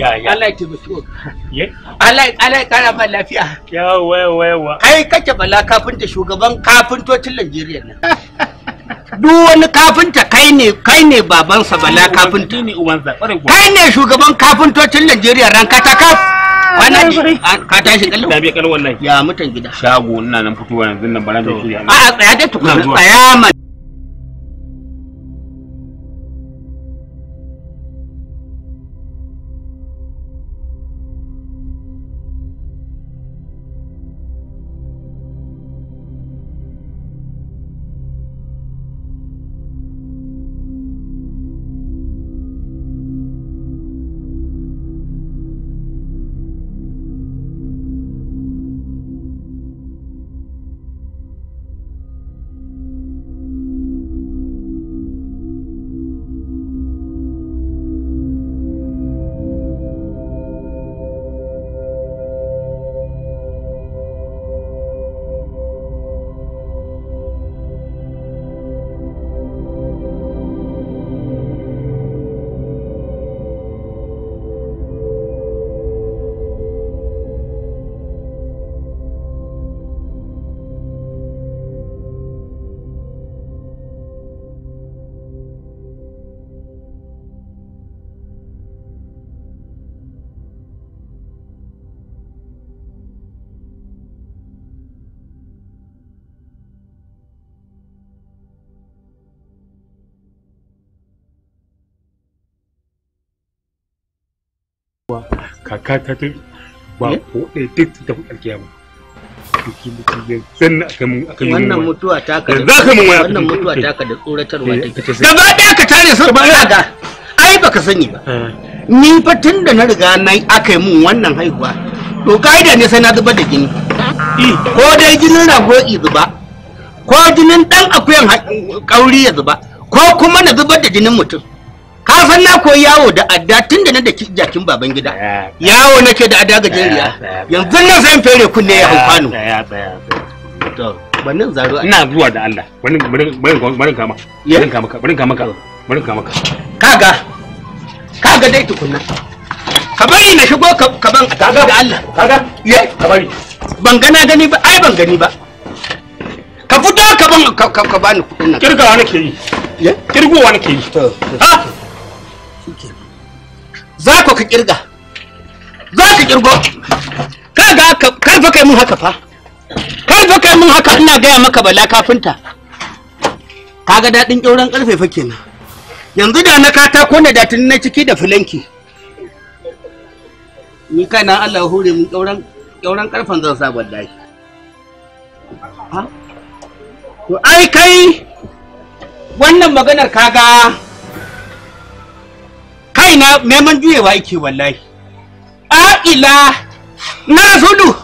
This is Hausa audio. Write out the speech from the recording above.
lafiya yawa yawa yawa kai kake bala shugaban Najeriya duk wani kai ne kai ne bala kai ne shugaban kafintocin Najeriya ran katakaf kwana ah, ji ka wallahi ya mutan gida shago ina nan fitowa yanzu nan ba da a tsaya da tukuna tsaya kaka ta ta ba eh? ko ɗaya duk ta tafi ba. wannan mutuwa ta ka wannan mutuwa ta ka da tsoratarwa eh, ta ke gaba ɗaya ka tare su ba ga ai baka sani ba eh. ni fa tun da na riga na aka yi mun wannan haihuwa to ka'ida ne sai na zubar da jini ko dai jinin rago i zuba ko jinin dan akuyan kauri ya zuba ko kuma na zubar da jinin mutum ka na koyi yawo da adda tun da na da jakin baban gida yawo nake da adda gajeriya yanzu na sai fere kunne ya hau to bannin zaro ina zuwa da Allah bari bari bari kama bari kama bari kama bari kama kaga kaga dai tukunna ka bari na shigo ka ban kaga da Allah kaga ye ka bari ban gana gani ba ai ban gani ba ka fito ka ban ka bani kudin nan kirgawa nake yi kirgowa nake yi ah shike za ku ka kirga za ka kirgo kaga kar fa kai mun haka fa kar fa kai mun haka ina gaya maka bala kafinta kaga dadin kyauran karfe fa kenan yanzu da na katako ne da tun na ciki da filanki ni kana Allah hure mun kyauran kyauran karfen zan sa wallahi ha to ai kai wannan maganar kaga kaina neman juyewa yake wallahi a'ila na rasulu